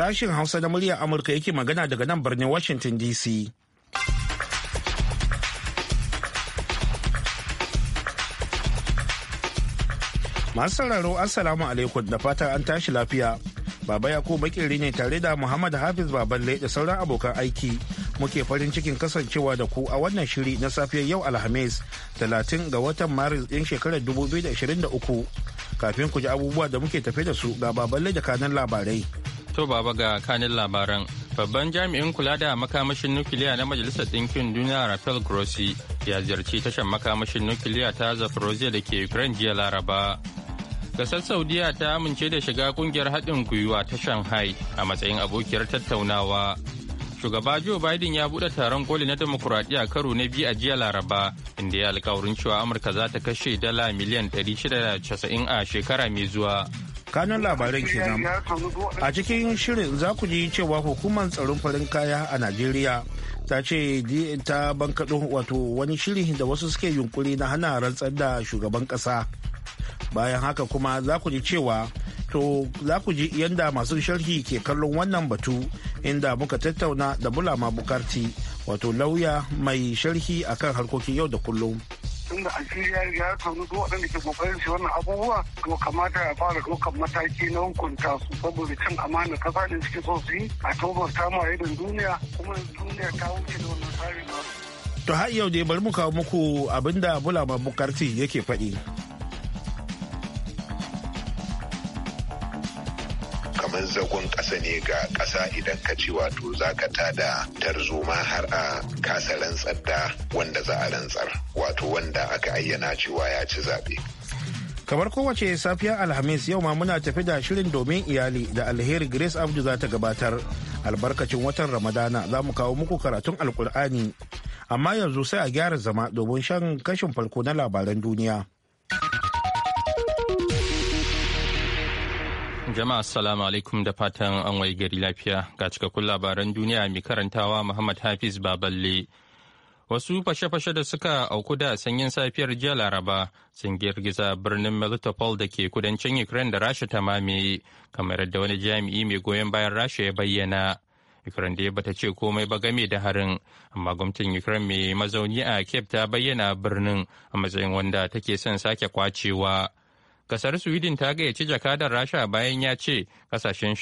Sashen Hausa na muryar Amurka yake magana daga nan birnin Washington DC. Masu sauraro Assalamu alaikum da fata an tashi lafiya. Baba Yakubu Bakiri ne tare da Muhammad Hafiz Baballe da sauran abokan aiki. Muke farin cikin kasancewa da ku a wannan shiri na safiyar yau Alhamis 30 ga watan Maris ɗin shekarar 2023. Kafin ku ji abubuwa da muke tafe da su ga Baballe da kanan labarai. to baba ga kanin labaran. Babban jami'in kula da makamashin nukiliya na Majalisar Ɗinkin Duniya Rafael Grossi ya ziyarci tashar makamashin nukiliya ta Zaporozhye da ke Ukraine jiya Laraba. Gasar Saudiya ta amince da shiga kungiyar haɗin gwiwa ta Shanghai a matsayin abokiyar tattaunawa. Shugaba Joe Biden ya buɗe taron koli na demokuraɗiyya karo na biyu a jiya Laraba, inda ya alkawarin cewa Amurka za ta kashe dala miliyan 690 a shekara mai zuwa kanun labaran kenan a cikin shirin za ku ji cewa hukumar tsaron farin kaya a najeriya ta ce ta bankaɗo wato wani shiri da wasu suke yunkuri na hana rantsar da shugaban ƙasa bayan haka kuma za ku ji cewa to za ku ji yadda masu sharhi ke kallon wannan batu inda muka tattauna da bulama bukarti wato lauya mai sharhi akan harkokin yau da kullum. tun da ya riga ya duk waɗanda ke kokarin shi wannan abubuwa to kamata ya fara ɗaukar mataki na hukunta su saboda cin amana kasa da cikin so su yi a tobar samu a duniya kuma duniya ta wuce da wannan tsarin To har yau dai bari mu kawo muku abinda Bulama Bukarti yake faɗi. kamar zagon ƙasa ne ga ƙasa idan ka ce wato za ka tada tarzoma har a kasa rantsar da wanda za a rantsar wato wanda aka ayyana cewa ya ci zaɓe. kamar kowace safiya alhamis yau ma muna tafi da shirin domin iyali da alheri grace abdu za ta gabatar albarkacin watan ramadana za mu kawo muku karatun alkur'ani amma yanzu sai a gyara zama domin shan kashin farko na labaran duniya. Jama'a assalamu alaikum da fatan an wai gari lafiya ga cikakkun labaran duniya mai karantawa Muhammad Hafiz Baballe. Wasu fashe-fashe da suka auku da sanyin safiyar jiya Laraba sun girgiza birnin Melitopol da ke kudancin Ukraine da Rasha ta mamaye, kamar yadda wani jami'i mai goyon bayan Rasha ya bayyana. Ukraine da bata ce komai ba game da harin, amma gwamnatin Ukraine mai mazauni a Cape ta bayyana birnin a matsayin wanda take son sake kwacewa. Kasar Sweden ta gayyaci jakadar Rasha bayan ya ce kasashen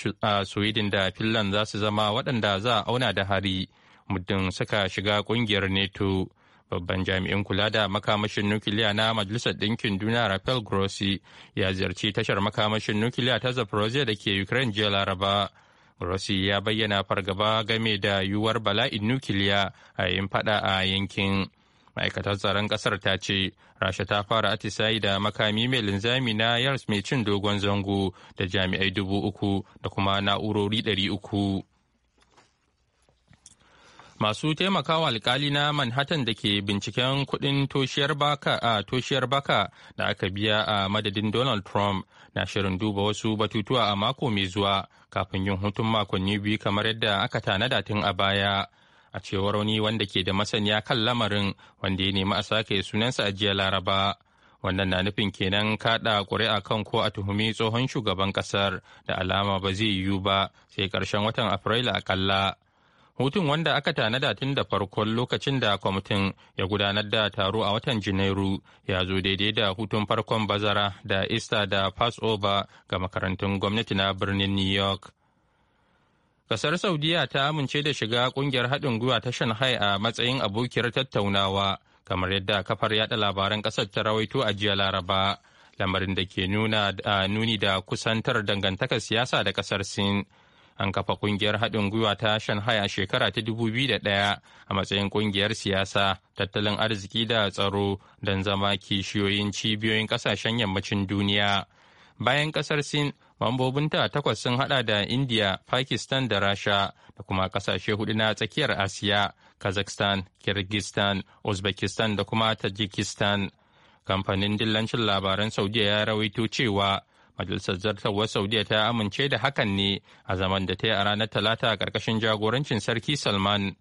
Sweden da Finland za su zama waɗanda za a auna da hari muddin suka shiga ƙungiyar NATO. Babban jami'in kula da makamashin nukiliya na Majalisar Ɗinkin Duniya Rafael Grossi ya ziyarci tashar makamashin nukiliya ta Zaporozhye da ke Ukraine jiya Laraba. Grossi ya bayyana fargaba game da yiwuwar bala'in nukiliya a yin fada a yankin. ma'aikatar tsaron kasar ta ce rasha ta fara atisayi da makami mai linzami na yars mai cin dogon zango da jami'ai dubu uku da kuma na'urori ɗari uku masu taimakawa alkali na manhattan da ke binciken kudin toshiyar baka a toshiyar baka da aka biya a madadin donald trump na shirin duba wasu batutuwa a mako mai zuwa kafin yin hutun makonni biyu kamar yadda aka tanada tun a baya a cewar wani wanda ke da masaniya kan lamarin wanda ya nemi a sake sunansa a jiya laraba wannan na nufin kenan kaɗa ƙuri'a kan ko a tuhumi tsohon shugaban ƙasar da alama ba zai yiwu ba sai ƙarshen watan afrilu akalla hutun wanda aka tanada tun da farkon lokacin da kwamitin ya gudanar da taro a watan janairu ya zo daidai da hutun farkon bazara da ista da passover ga makarantun gwamnati na birnin new york Kasar Saudiya ta amince da shiga kungiyar haɗin gwiwa ta Shanghai a matsayin abokiyar tattaunawa, kamar yadda kafar yada labaran ƙasar ta rawaito a jiya Laraba, lamarin da ke nuna nuni da kusantar dangantaka siyasa da ƙasar Sin. An kafa kungiyar haɗin gwiwa ta Shanghai a shekara ta 2001 a matsayin kungiyar siyasa, tattalin arziki da tsaro don zama kishiyoyin cibiyoyin ƙasashen yammacin duniya. Bayan ƙasar Sin, mambobin ta takwas sun hada da India, Pakistan da Rasha da kuma kasashe hudu na tsakiyar Asiya, Kazakhstan, Kyrgyzstan, Uzbekistan da kuma Tajikistan. Kamfanin dillancin labaran Saudiya ya rawaito cewa Majalisar Zartarwar Saudiya ta amince da hakan ne a zaman da ta yi a ranar Talata karkashin jagorancin Sarki Salman.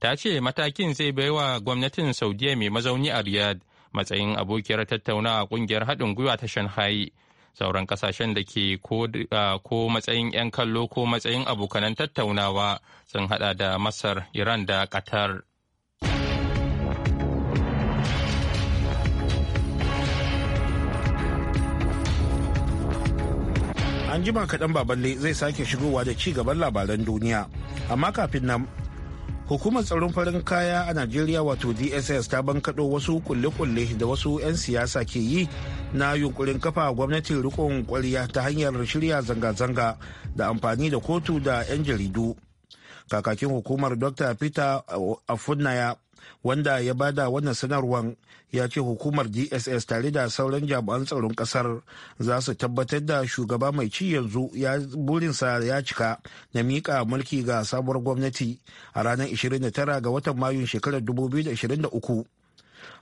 Ta ce matakin zai baiwa gwamnatin Saudiya mai mazauni a riyad matsayin abokiyar tattaunawa kungiyar haɗin gwiwa ta Shanghai sauran kasashen da ke ko matsayin 'yan kallo ko matsayin abokanan tattaunawa sun hada da masar iran da qatar an jima kaɗan baballe zai sake shigowa da ci gaban labaran duniya amma kafin nan hukumar tsaron farin kaya a najeriya wato dss ta bankaɗo wasu kulle-kulle da wasu 'yan siyasa ke yi na yunkurin kafa gwamnatin rikon kwariya ta hanyar shirya zanga-zanga da amfani da kotu da 'yan jaridu kakakin hukumar dr peter afunaya wanda ya bada wannan sanarwar ya ce hukumar dss tare da sauran jami'an tsaron kasar za su tabbatar da shugaba mai ci yanzu ya burinsa ya cika na miƙa mulki ga sabuwar gwamnati a ranar 29 ga watan mayun shekarar 2023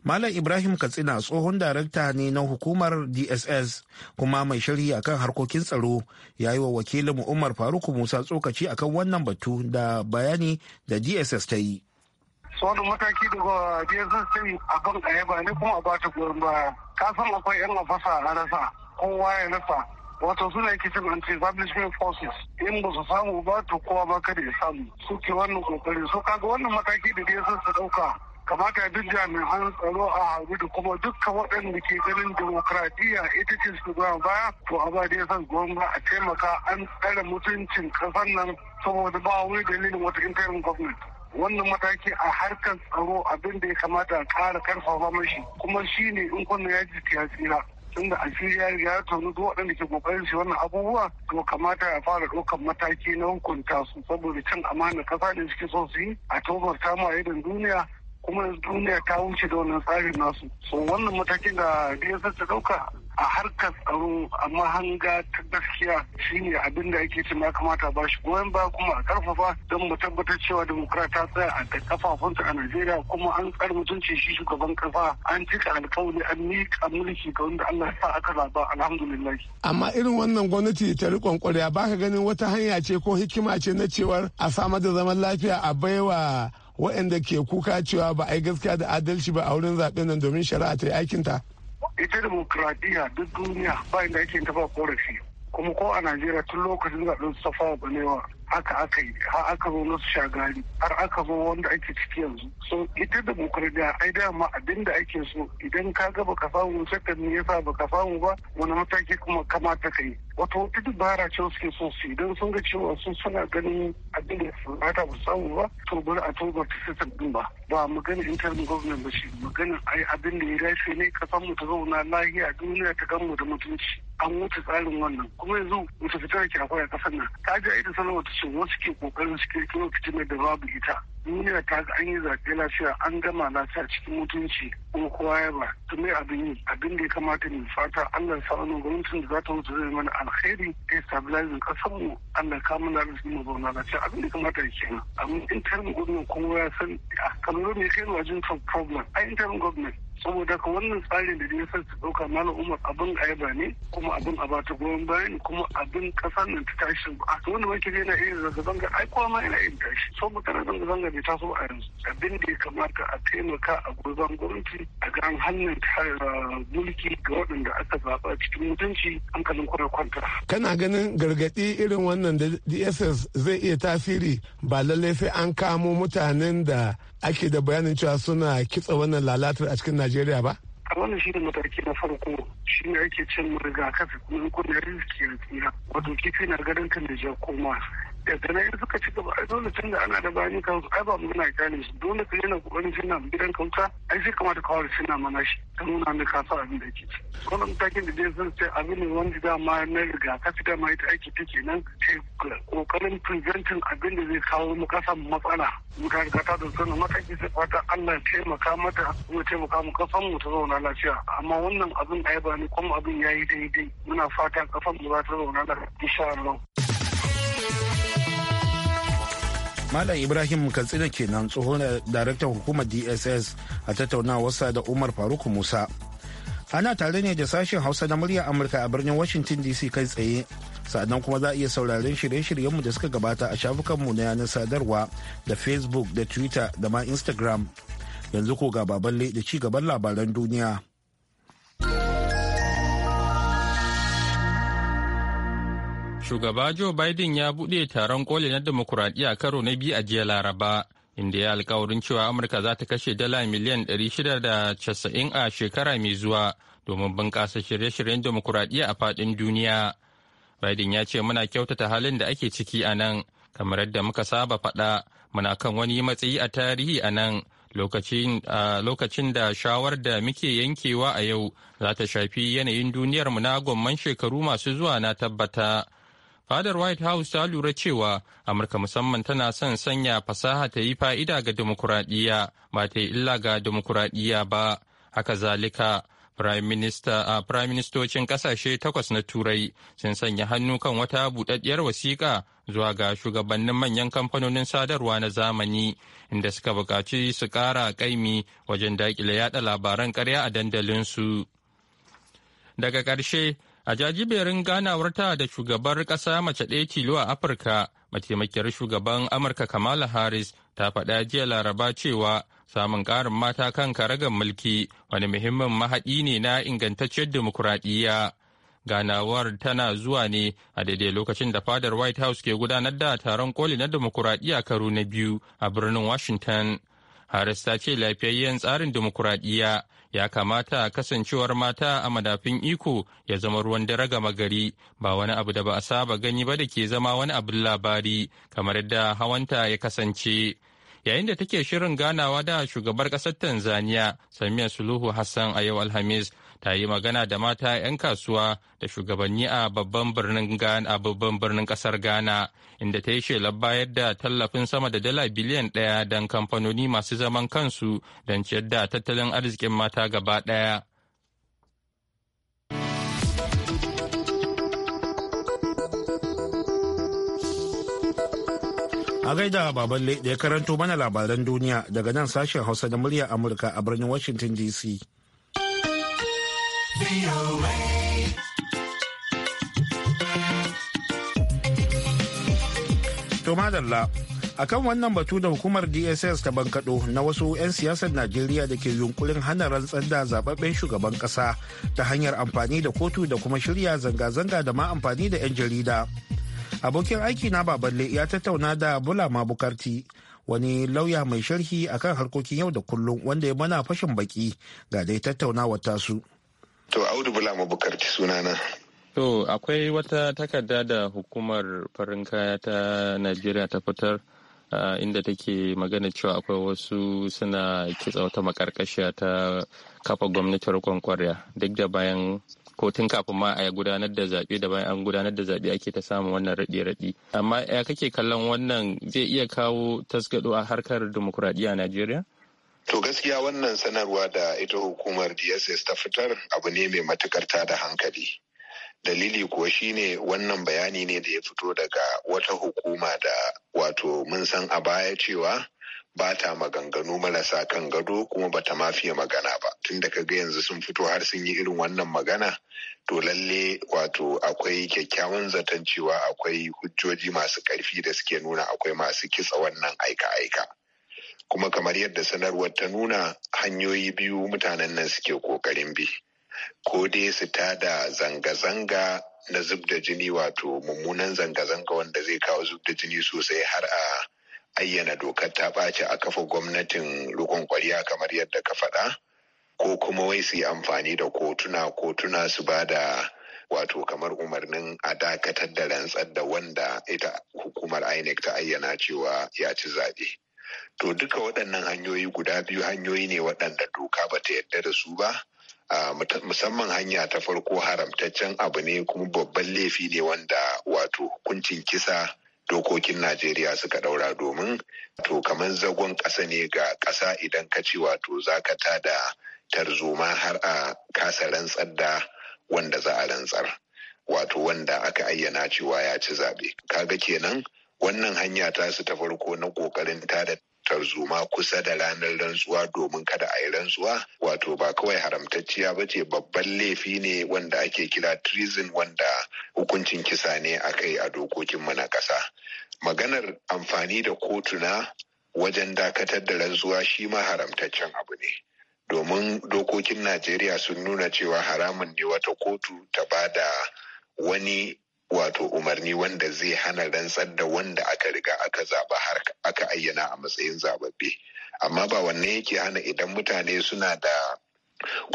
Malam Ibrahim Katsina tsohon darakta ne na hukumar DSS kuma mai shirhi akan harkokin tsaro ya yi wa wakilin Umar Faruk Musa tsokaci akan wannan batu da bayani da DSS ta yi. Wani mataki daga DSS ta yi abin a yaba ne kuma a ta goyon baya. san akwai 'yan afasa a rasa kowa ya rasa wato suna kicin anti-establishment forces in ba su samu ba to kowa ba kada ya samu suke wannan kokari so kaga wannan mataki da DSS ta ɗauka? kamata duk jami'an tsaro a haɗu da kuma dukkan waɗanda ke ganin demokradiyya ita ce su zuwa baya to a ba dai san gwamna a taimaka an tsare mutuncin ƙasar nan saboda ba wani dalilin wata interim government wannan mataki a harkar tsaro abin da ya kamata a ƙara karfafa mashi kuma shi ne in kunna ya ji ya tsira tunda a ya ya tonu duk waɗanda ke ƙoƙarin shi wannan abubuwa to kamata ya fara ɗaukar mataki na hukunta su saboda cin amana kasa da suke so su yi a tobar ta ma duniya kuma duniya ta wuce da wannan tsarin nasu so wannan matakin da dss ta dauka a harkar tsaro amma hanga ta gaskiya shine abin da ake cin ya kamata ba shi goyon ba kuma a karfafa don mu tabbatar cewa demokrat ta tsaya a kafafunta a najeriya kuma an tsar mutunci shi shugaban kafa an cika alkawari an miƙa mulki ga wanda allah sa aka zaba alhamdulillah amma irin wannan gwamnati ta riƙon ƙwarya baka ganin wata hanya ce ko hikima ce na cewar a samar da zaman lafiya a baiwa waɗanda ke kuka cewa ba a yi gaskiya da adalci ba a wurin zaɓen nan domin shari'a ta yi aikinta? ita demokradiyya duk duniya ba inda ake ta ba korafi kuma ko a najeriya tun lokacin zaɓen wa balewa haka aka yi har aka zo nasu shagari har aka zo wanda ake ciki yanzu so ita demokradiyya ai ma abin da ake so idan ka ga baka samu shakkan ne yasa baka samu ba wani mataki kuma kamata ka yi Wata wata bara ce suke so su idan sun ga cewa su suna ganin abin da mata ba samu ba to bar a tobar ta system din ba ba maganin intanet government ba shi maganin ai abin da ya dace ne kasan mu ta zauna lahiya duniya ta gan mu da mutunci an wuce tsarin wannan kuma yanzu mutu fitar ki akwai a kasar nan ta ji ita sanarwa ta ce wasu ke kokarin su kirkiro fitinar da babu ita duniya ta ga an yi zaɓe lafiya an gama lafiya cikin mutunci kuma kowa ya ba to me abin yi abin da ya kamata ne fata Allah ya sa wannan gwamnatin da za ta wuce zai mana alheri da ya stabilize mu Allah ya kama da rikin mu zauna lafiya abin da ya kamata ya kenan amma interim gwamnan kuma ya san a kalolin ne kai wajen problem a interim government saboda ka wannan tsarin da ya san su ɗauka malam umar abin ayaba ne kuma abin a bata goyon bayan kuma abin ƙasar nan ta tashi a to wanda wake na irin zanga-zanga ai kuma ma yana irin tashi so magana zanga-zanga bai taso a yanzu abin da ya kamata a taimaka a gurban gwamnati a ga an hannun ah, mulki ga waɗanda aka zaɓa cikin mutunci hankalin kwana kwanta. kana ganin gargaɗi irin wannan da dss zai iya tasiri ba lallai sai an kamo mutanen da ake da bayanin cewa suna kitsa wannan lalatar a cikin najeriya ba a wannan shi ne mataki na farko shi ne ake cin rigakafi kuma kun riski ya tsira wato kifi na garin kan da ja koma daga nan suka ci gaba ai dole canza ana da bayan kansu ai ba mu gane su dole ka yana kokarin suna gidan kauta ai sai kamata kawar suna mana shi ta nuna mai kasa abin da ke ci wannan matakin da zai sun sai abin ne wanda ma na rigakafi dama ita aiki take nan sai kokarin preventing abin da zai kawo mu kasa matsala mu ta riga ta dauka na mataki sai fata Allah ya taimaka mata kuma taimaka mu kasan mu ta zauna lafiya amma wannan abin ai ba ni kuma abin yayi daidai muna fata kafan mu za ta zauna lafiya insha Allah. Malam Ibrahim Katsina kenan tsohon daraktan hukumar DSS a tattaunawarsa da Umar Faruk Musa. Ana tare ne da sashen Hausa na murya Amurka a birnin Washington DC kai tsaye. Sa'annan kuma za a iya sauraren shirye-shiryenmu da suka gabata a shafukanmu na yanar sadarwa da Facebook da Twitter da ma Instagram. Yanzu ko ga baballe da ci gaban labaran duniya. Shugaba Joe Biden ya buɗe taron koli na demokuraɗiyya karo na biyu a jiya Laraba, inda ya alkawarin cewa Amurka za ta kashe dala miliyan 690 a shekara mai zuwa domin bunƙasa shirye-shiryen demokuraɗiyya a faɗin duniya. Biden ya ce muna kyautata halin da ake ciki a nan, kamar yadda muka saba faɗa, muna kan wani matsayi a tarihi a nan. lokacin da shawar da muke yankewa a yau za ta shafi yanayin duniyarmu na gomman shekaru masu zuwa na tabbata fadar white house ta lura cewa amurka musamman tana son sanya fasaha ta yi fa'ida ga demokuraɗiyya ba ta yi illa ga demokuraɗiyya ba haka zalika prime a prime ministocin kasashe takwas na turai sun sanya hannu kan wata buɗaɗɗiyar wasiƙa zuwa ga shugabannin manyan kamfanonin sadarwa na zamani inda suka buƙaci su ƙara ƙaimi wajen daƙile yaɗa labaran ƙarya a dandalinsu daga ƙarshe A jajiberin ganawarta da shugabar ƙasa mace ɗaya tilo a Afirka, mataimakiyar shugaban Amurka Kamala Harris ta faɗa jiya Laraba cewa samun ƙarin mata kan karagar mulki wani muhimmin mahaɗi ne na ingantacciyar dimokuraɗiyya. Ganawar tana zuwa ne a daidai lokacin da fadar White House ke gudanar da taron koli na dimokuraɗiyya karo na biyu a birnin Washington. Harris ta ce lafiyayyen tsarin dimokuraɗiyya ya kamata kasancewar mata a madafin iko ya zama ruwan dare gama gari ba wani abu da ba a saba gani ba da ke zama wani abin labari kamar yadda hawanta ya kasance yayin da take shirin ganawa da shugabar ƙasar tanzania samiya suluhu hassan a yau alhamis ta yi magana da mata 'yan kasuwa da shugabanni a babban birnin a babban birnin kasar ghana inda ta yi shelar bayar da tallafin sama da dala biliyan ɗaya don kamfanoni masu zaman kansu don ciyar da tattalin arzikin mata gaba daya. a gaida baban da ya karanto mana labaran duniya daga nan sashen hausa da murya amurka a birnin washington dc To madalla, a kan wannan batu da hukumar DSS ta bankaɗo na wasu 'yan siyasar Najeriya da ke yunkurin hana rantsar da zababben shugaban ƙasa ta hanyar amfani da kotu da kuma shirya zanga-zanga da ma amfani da 'yan jarida. Abokin aiki na baballe ya tattauna da Bulama Bukarti, wani lauya mai sharhi akan harkokin yau da kullum wanda ya mana fashin baki ga dai tattaunawar tasu. su. To Audu Bula Mabukarti sunana. To akwai wata takarda da hukumar farin kaya ta Najeriya ta fitar inda take magana cewa akwai wasu suna kitsa wata makarkashiya ta kafa gwamnatin kwankwariya duk da bayan ko kafin ma a gudanar da zaɓe da bayan an gudanar da zaɓe ake ta samun wannan raɗe-raɗe. Amma ya kake kallon wannan zai iya kawo tasgado a harkar dimokuraɗiyya a Najeriya? To gaskiya wannan sanarwa da ita hukumar DSS ta fitar abu ne mai matukar da hankali. Dalili kuwa ne wannan bayani ne da ya fito daga wata hukuma da wato mun san a baya cewa ba ta maganganu marasa kan gado kuma ba ta mafiya magana ba tun da kaga yanzu sun fito har sun yi irin wannan magana to lalle wato akwai kyakkyawan zaton cewa akwai hujjoji masu ƙarfi da suke nuna akwai masu kitsa wannan aika-aika kuma kamar yadda sanarwar ta nuna hanyoyi biyu mutanen nan suke kokarin bi ko dai su tada zanga-zanga na zub da jini wato mummunan zanga-zanga wanda zai kawo zub da jini sosai har a ayyana dokar ta ɓace a kafa gwamnatin rukun kwariya kamar yadda ka faɗa ko kuma wai su yi amfani da kotuna kotuna su ba da wato kamar umarnin a dakatar da rantsar da wanda ita hukumar inec ta ayyana cewa ya ci zaɓe. to duka waɗannan hanyoyi guda biyu hanyoyi ne waɗanda doka ba ta yarda da su ba musamman hanya ta farko haramtaccen abu ne kuma babban laifi ne wanda wato hukuncin kisa dokokin Najeriya suka ɗaura domin to kamar zagon ƙasa ne ga ƙasa idan ka ce wato za ka ta da tarzoma har a kasa rantsar da wanda za a rantsar wato wanda aka ayyana cewa ya ci zaɓe kaga kenan wannan hanya ta su ta farko na ƙoƙarin tada tarzoma kusa da ranar rantsuwa domin kada a yi rantsuwa wato ba kawai haramtacciya ba ce babban laifi ne wanda ake kira treason wanda hukuncin kisa ne a kai a dokokinmu na ƙasa maganar amfani da kotuna wajen dakatar da rantsuwa shi ma haramtaccen abu ne domin dokokin najeriya sun nuna cewa haramun ne wata kotu ta ba da wani wato umarni wanda zai hana rantsar da wanda aka riga aka zaba har aka ayyana a matsayin zababbe amma ba wannan yake hana idan mutane suna da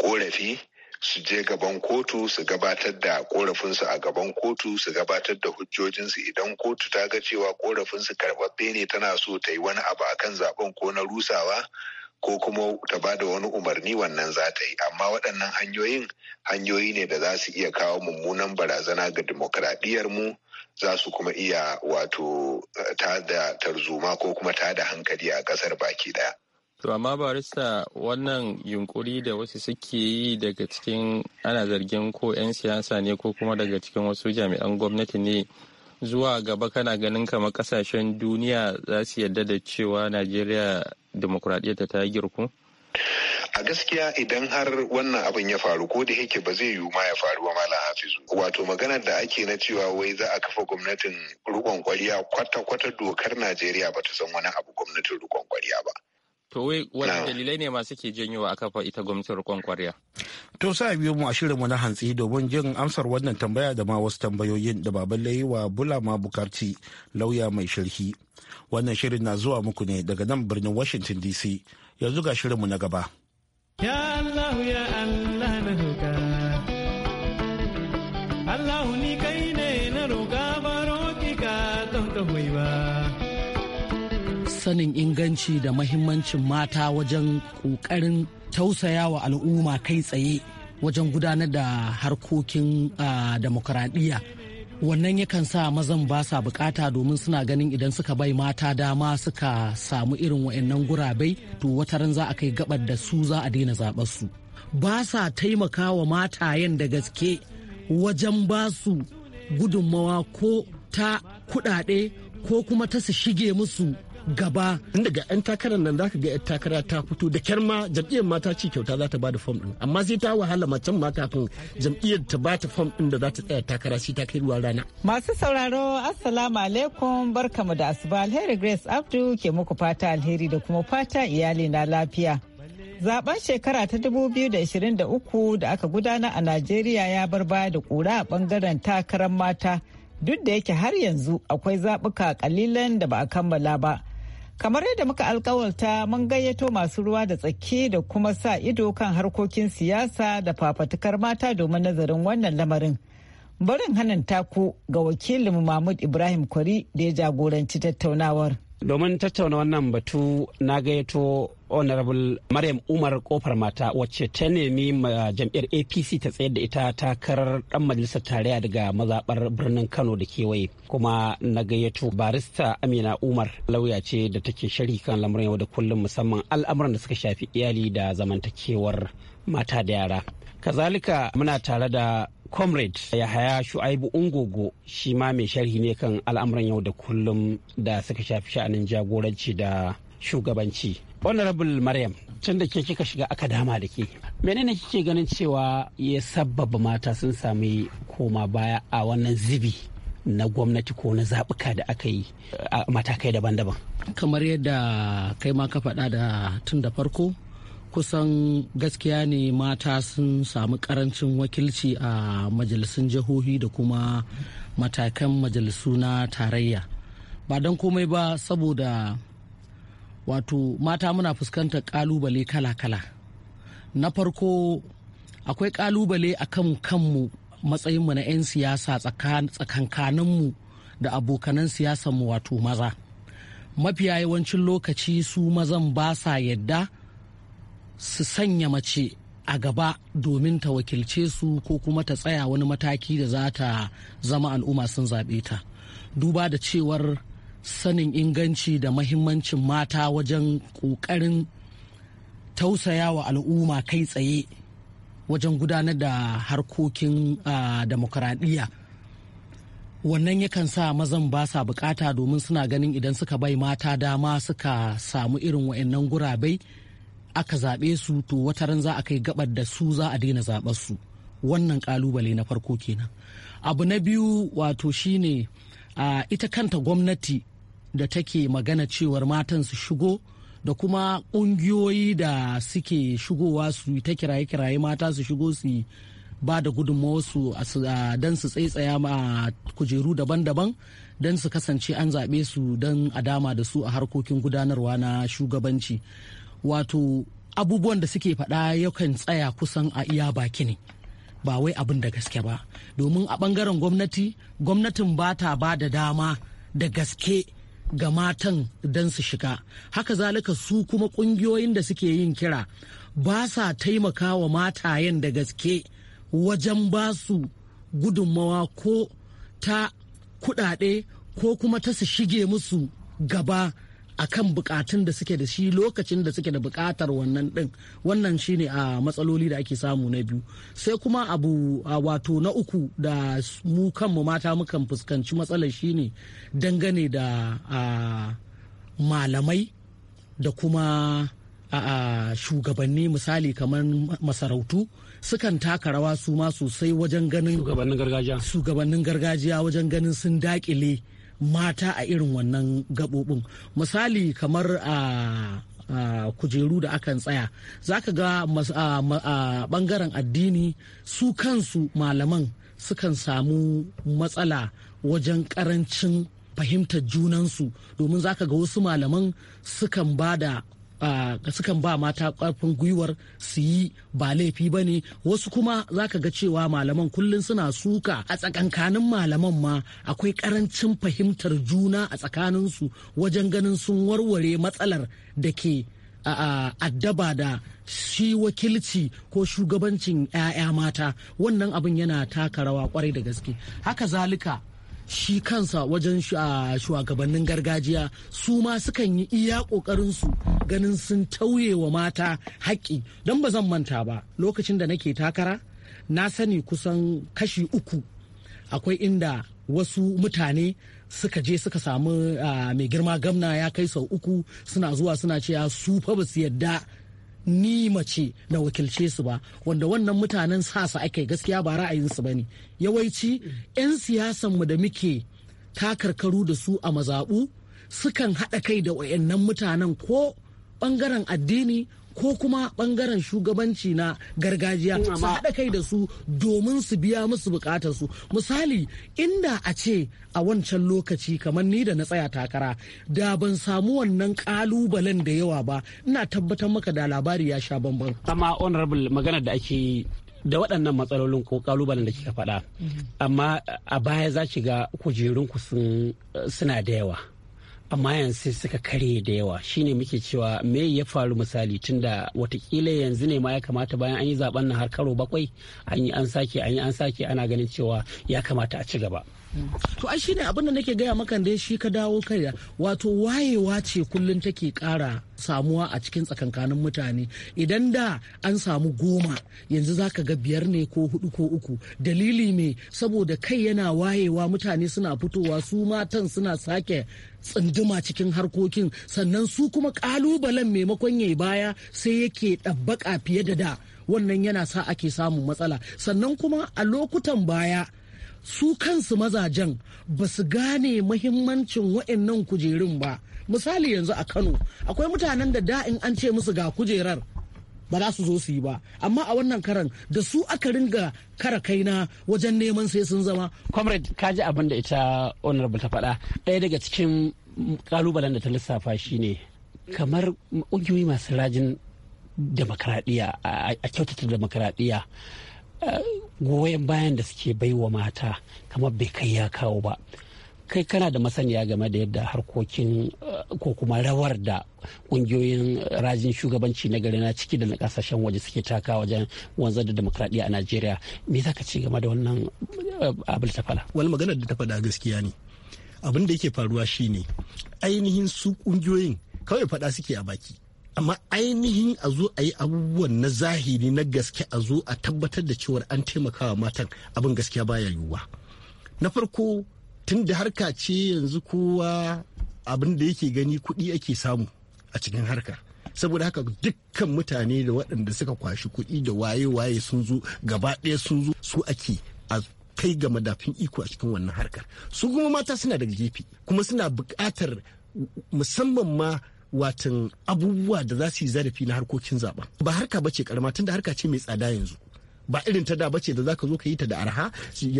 korafi su je gaban kotu su gabatar da korafinsu a gaban kotu su gabatar da hujjojinsu idan kotu ta ga cewa korafinsu karbabbe ne tana so ta yi wani abu akan zaben ko na rusawa ko kuma ta ba da wani umarni wannan za ta yi amma waɗannan hanyoyin hanyoyi ne da za su iya kawo mummunan barazana ga dimokuraɗiyyar mu za su kuma iya wato eh, ta da tarzoma ko kuma ta da hankali a ƙasar baki ɗaya. To amma barista wannan yunkuri da wasu suke yi daga cikin ana zargin ko 'yan siyasa ne ko kuma daga cikin wasu jami'an gwamnati ne zuwa gaba kana ganin kamar kasashen duniya za su yarda da cewa Najeriya demokuraɗiyyar ta yi girku? a gaskiya idan har wannan abin ya faru ko da yake ba zai yiwu ma ya faru ba malam hafizu wato maganar da ake na cewa wai za a kafa gwamnatin rikon kwariya kwata kwata dokar najeriya ba ta san wani abu gwamnatin rikon kwariya ba To wai wani dalilai ne masu ke janyowa a kafa ita gwamnatin rikon kwarya? To sa biyo mu a shirinmu na hantsi domin jin amsar wannan tambaya da ma wasu tambayoyin da baban wa Bulama Bukarti lauya mai sharhi. Wannan shirin na zuwa muku ne daga nan birnin Washington DC. Yanzu ga shirinmu na gaba. Ya Allah ya sanin inganci da mahimmancin mata wajen ƙoƙarin tausaya wa al'umma kai tsaye wajen gudanar da harkokin demokuraɗiyya wannan yakan sa mazan ba sa bukata domin suna ganin idan suka bai mata dama suka samu irin wa'annan gurabai to ran za a kai gabar da su za a daina zaɓar su ba sa taimakawa matayen da gaske wajen ba su gudunmawa ko ta kuɗaɗe ko kuma ta su shige musu gaba daga ga 'yan takarar nan zaka ga 'yan takara ta fito da kyar ma jam'iyyar mata ci kyauta za ta bada fom din amma sai ta wahala macen ma kafin jam'iyyar ta ba ta fom din da za ta tsaya takara sai ta kai ruwa rana. Masu sauraro assalamu alaikum barkamu da asuba alheri Grace Abdu ke muku fata alheri da kuma fata iyali na lafiya. Zaben shekara ta 2023 da aka gudana a Najeriya ya bar baya da kura a bangaren takarar mata duk da yake har yanzu akwai zaɓuka kalilan da ba a kammala ba. kamar yadda muka alkawarta mun gayyato masu ruwa da tsaki da kuma sa ido kan harkokin siyasa da fafatukar mata domin nazarin wannan lamarin barin hanin taku ga wakilin mahmud ibrahim kwari da ya jagoranci tattaunawar domin tattauna wannan batu na gayyato honorable maryam umar kofar mata wacce ta nemi jam'iyyar apc ta tsayar da ita takarar dan majalisar tarayya daga mazabar birnin kano da kewaye kuma na gayyato barista amina umar lauya ce da take shari kan lamuran yau da kullum musamman al'amuran da suka shafi iyali da zamantakewar mata da yara kazalika muna tare da comrade yahaya shu'aibu ungogo shi ma mai sharhi ne kan al'amuran yau da kullum da suka shafi sha'anin jagoranci da shugabanci honorable maryam can da ke kika shiga aka dama da ke menene kike ganin cewa ya sabbaba mata sun sami koma baya a wannan zibi na gwamnati ko na zaɓuka da aka yi a matakai daban-daban kamar yadda kai ma ka faɗa da tun da farko kusan gaskiya ne mata sun samu karancin wakilci a majalisun jihohi da kuma matakan majalisu na tarayya ba don komai ba saboda wato mata muna fuskantar kalubale kala-kala na farko akwai kalubale a kan kanmu matsayinmu na 'yan siyasa tsakankaninmu da abokanan siyasanmu wato maza mafiya yawancin lokaci su mazan ba sa yadda su sanya mace a gaba domin ta wakilce su ko kuma ta tsaya wani mataki da za ta zama al'umma sun zaɓe ta duba da cewar sanin inganci da mahimmancin mata wajen ƙoƙarin tausaya wa al'umma kai tsaye wajen gudanar da harkokin demokuraɗiyya wannan yakan sa mazan ba sa bukata domin suna ganin idan suka bai mata dama suka samu irin wa'annan gurabai aka zaɓe su to wata ran za a kai gabar da su za a daina zaɓar su wannan kalubale na farko kenan abu na biyu wato shine a ita kanta gwamnati da take magana cewar matan su shigo da kuma ƙungiyoyi da suke shigowa su ta kiraye-kiraye mata su shigo su ba da gudunmawarsu don su tsaitsaya ma kujeru daban-daban don su kasance an zaɓe su don a dama da su a harkokin gudanarwa na shugabanci wato abubuwan da suke faɗa yakan tsaya kusan a iya baki ne ba wai abin da gaske ba domin a ɓangaren gwamnati gwamnatin ba ta ba da dama da gaske ga matan don su shiga haka zalika su kuma ƙungiyoyin da suke yin kira ba sa taimaka wa matayen da gaske wajen ba su gudunmawa ko ta kuɗaɗe ko kuma ta su shige musu gaba akan bukatun da suke da shi lokacin da suke da bukatar wannan din wannan shine a matsaloli da ake samu na biyu sai kuma abu wato na uku da mu kanmu mata mukan fuskanci matsalar shine dangane da malamai da kuma a shugabanni misali kamar masarautu sukan taka rawa su ma sosai wajen ganin shugabannin gargajiya wajen ganin sun dakile mata a irin wannan gabobin misali kamar a Uh, kujeru da akan tsaya za ka ga uh, uh, bangaren addini su kansu malaman sukan samu matsala wajen karancin fahimtar junansu domin za ka ga wasu malaman sukan ba da sukan ba mata karfin gwiwar su yi ba laifi ba ne wasu kuma za ka ga cewa malaman kullum suna suka a tsakankanin malaman ma akwai ƙarancin fahimtar juna a tsakaninsu wajen ganin sun warware matsalar da ke addaba da shi wakilci ko shugabancin 'ya'ya mata wannan abin yana taka rawa kwarai da gaske haka zalika shi kansa wajen shugabannin gargajiya su ma sukan yi iya su ganin sun tauye wa mata haƙƙi don ba zan manta ba lokacin da nake takara na sani kusan kashi uku akwai inda wasu mutane suka je suka samu mai girma gamna ya kai sau uku suna zuwa suna cewa su fa ba su yadda ni mace na wakilce su ba wanda wannan mutanen sasa ake gaskiya ba ra'ayinsu ba ne yawaici 'yan siyasan mu da muke takarkaru da su a mazaɓu sukan haɗa kai da wayannan mutanen ko ɓangaren addini ko kuma bangaren shugabanci na gargajiya mm, su haɗa kai da su domin su biya musu bukatar su misali inda a ce a wancan lokaci kamar ni da na tsaya takara da ban samu wannan kalubalen da yawa ba ina tabbatar maka da labari ya sha bambam amma honorable maganar da ake da waɗannan matsalolin ko kalubalen da kika faɗa mhm. amma a baya za ki ga kujerunku suna da yawa amma yanzu sai suka kare da yawa shine muke cewa me ya faru misali tunda watakila yanzu ne ma ya kamata bayan an yi zaben nan har karo bakwai an yi an sake an yi an sake ana ganin cewa ya kamata a ci gaba to ai shine abin da nake gaya maka dai shi ka dawo kai wato wayewa ce kullum take kara samuwa a cikin tsakankanin mutane idan da an samu goma yanzu zaka ga biyar ne ko hudu ko uku dalili me saboda kai yana wayewa mutane suna fitowa su matan suna sake tsinduma cikin harkokin sannan su kuma kalubalen maimakon yayi baya sai yake ɗabbaka fiye da da wannan yana sa ake samun matsala sannan kuma a lokutan baya su kansu mazajen ba su gane mahimmancin wa'annan kujerun ba misali yanzu a kano akwai mutanen da da'in an ce musu ga kujerar ba za su zo su yi ba amma a wannan karan da su aka ringa kara kaina wajen neman sai sun zama comrade kaji abin da ita honorable ta faɗa ɗaya daga cikin kalubalen da ta lissafa shine kamar ƙungiyoyi masu rajin demokradiyya a kyautata demokradiyya goyon bayan da suke bai wa mata kamar bai kai ya kawo ba kai kana da masaniya game da yadda harkokin eh, ko kuma rawar da kungiyoyin eh, rajin shugabanci na gari na ciki da na kasashen waje suke taka wajen wanzar da demokradiyya a najeriya me za ka ci game da wannan eh, abin ta wani magana da ta faɗa gaskiya ne abin da yake faruwa shine ainihin su kungiyoyin kawai faɗa suke a baki amma ainihin a zo a yi abubuwan na zahiri na gaske a zo a tabbatar da cewar an taimakawa matan abin gaskiya baya yiwuwa na farko tun da harka ce yanzu kowa abin da yake gani kuɗi ake samu a cikin harka saboda haka dukkan mutane da waɗanda suka kwashi kuɗi da waye-waye sun zo gaba ɗaya sun zo su ake a kai ga madafin iko a cikin wannan harkar su kuma mata suna daga gefe kuma suna buƙatar musamman ma watan abubuwa da za su yi zarafi na harkokin zaɓen ba harka bace karama da harka ce mai tsada yanzu ba irin ta da bace da zaka zo ka yi ta da arha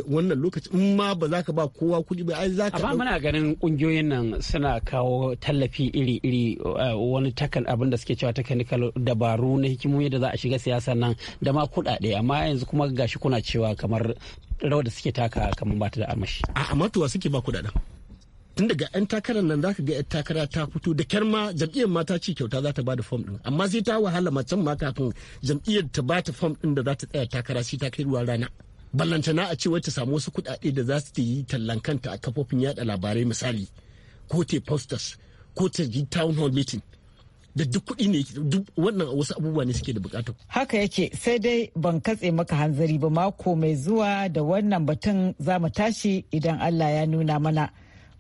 wannan lokaci in ma ba zaka ba kowa kuɗi ba ai zaka ba muna ganin kungiyoyin nan suna kawo tallafi iri iri eh, wani takan abin da suke cewa technical dabaru na hikimomi da za a shiga siyasa nan da ma kuɗaɗe amma yanzu kuma gashi kuna cewa kamar rawar da suke taka kamar ba ta da armashi a amma suke ba kuɗaɗe. tun daga 'yan takarar nan zaka ga 'yan takara ta fito da kyar ma jam'iyyar mata kyauta za ta bada fom din amma sai ta wahala macen ma kafin jam'iyyar ta bata fom din da za ta tsaya takara sai ta kai ruwa rana ballanta na a ce wacce samu wasu kuɗaɗe da za su yi tallan kanta a kafofin yada labarai misali ko te posters ko ta yi town hall meeting da duk kuɗi ne duk wannan wasu abubuwa ne suke da bukata. Haka yake sai dai ban katse maka hanzari ba mako mai zuwa da wannan batun za mu tashi idan Allah ya nuna mana.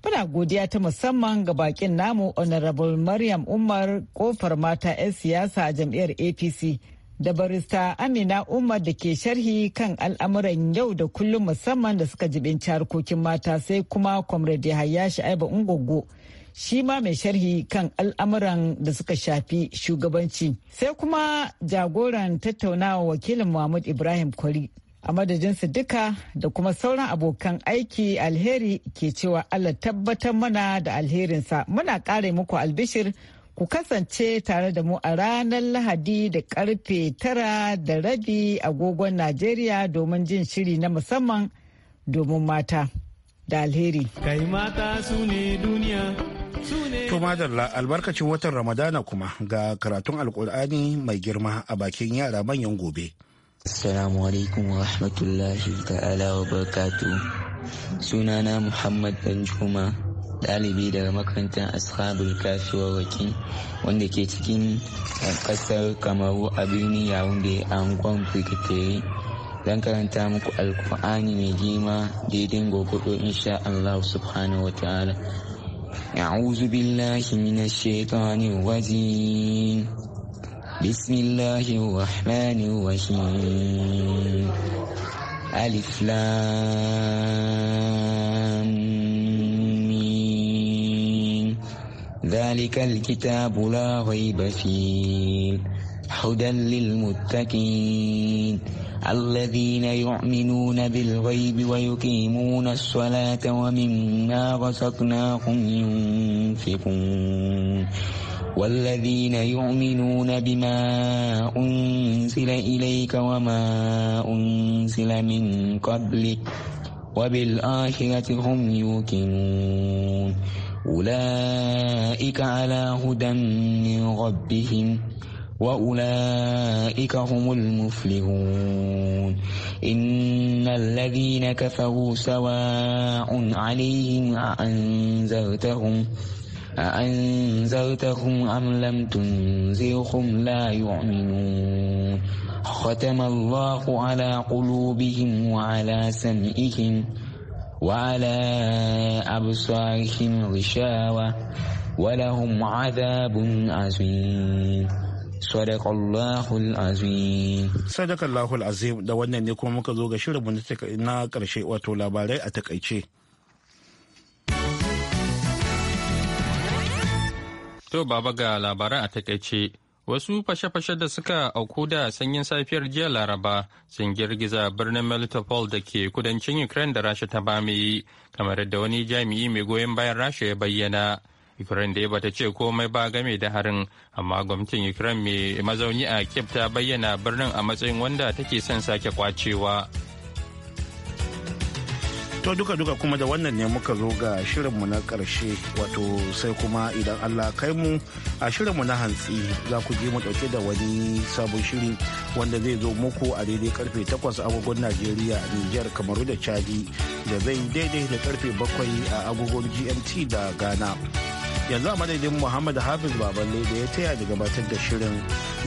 Muna godiya ta musamman ga bakin namu Honorable Maryam Umar kofar mata 'yan siyasa a jam'iyyar APC da barista Amina Umar da ke sharhi kan al'amuran yau da kullum musamman da suka jibinci harkokin mata sai kuma Comrade Hayashi Aiba Ungogo. shi ma mai sharhi kan al'amuran da suka shafi shugabanci sai kuma jagoran tattaunawa wakilin Muhammad Ibrahim Kwari a madadinsu duka da kuma sauran abokan aiki alheri ke cewa Allah tabbatar mana da alherinsa muna ƙare muku albishir ku kasance tare da mu a ranar lahadi da karfe tara da rabi agogon najeriya domin jin shiri na musamman domin mata da alheri kai mata su ne duniya To madalla albarkacin watan ramadana kuma ga karatun alkur'ani mai girma a bakin yara manyan gobe. Assalamu alaikum wa rahmatullahi ta'ala wa barkatu. Sunana Muhammad Danjuma, ɗalibi daga makarantar Ashabul Kafiwa Waki, wanda ke cikin eh, ƙasar Kamaru a birnin Yaounde a angon Brigiteri. Zan karanta muku Alkur'ani mai girma daidai gogodo insha Allah subhanahu wa ta'ala. أعوذ بالله من الشيطان الرجيم بسم الله الرحمن الرحيم ألف لام مين ذلك الكتاب لا غيب فيه هدى للمتقين الذين يؤمنون بالغيب ويقيمون الصلاة ومما رزقناهم ينفقون والذين يؤمنون بما أنزل إليك وما أنزل من قبلك وبالآخرة هم يوقنون أولئك على هدى من ربهم وأولئك هم المفلحون إن الذين كفروا سواء عليهم أأنذرتهم أأنزلتهم أم لم تنزلهم لا يؤمنون ختم الله على قلوبهم وعلى سمعهم وعلى أبصارهم غشاوة ولهم عذاب عظيم صدق الله العظيم صدق الله العظيم da wannan ne kuma muka zo ga shirinmu na karshe wato labarai a takaice To baba ga labaran a takaice. Wasu fashe-fashe da suka auku da sanyin safiyar jiya Laraba sun girgiza birnin Melitopol da ke kudancin Ukraine da Rasha ta yi kamar yadda wani jami'i mai goyon bayan Rasha ya bayyana. Ukraine da ya bata ce komai ba game da harin, amma gwamnatin Ukraine mai mazauni a Kiev ta bayyana birnin a matsayin wanda take son sake kwacewa. to duka duka kuma da wannan ne muka zo ga shirinmu na karshe wato sai kuma idan allah kai mu a shirinmu na hantsi za ku je mu dauke da wani sabon shiri wanda zai zo muku a daidai karfe 8 agogon najeriya niger kamaru da chadi da zai daidai da karfe 7 a agogon gmt da ghana yanzu a madadin muhammad hafiz baballe da ya taya da gabatar da shirin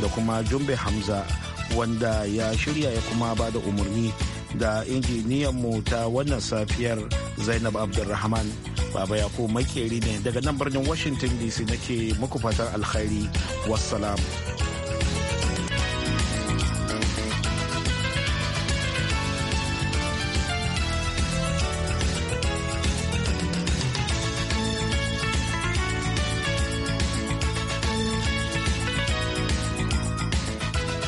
da kuma jumbe hamza wanda ya shirya ya kuma ba da umarni da injiniyan mu ta wannan safiyar zainab abdulrahman baba yako makeri ne daga nan birnin washington dc nake muku fatan alkhairi wasalam.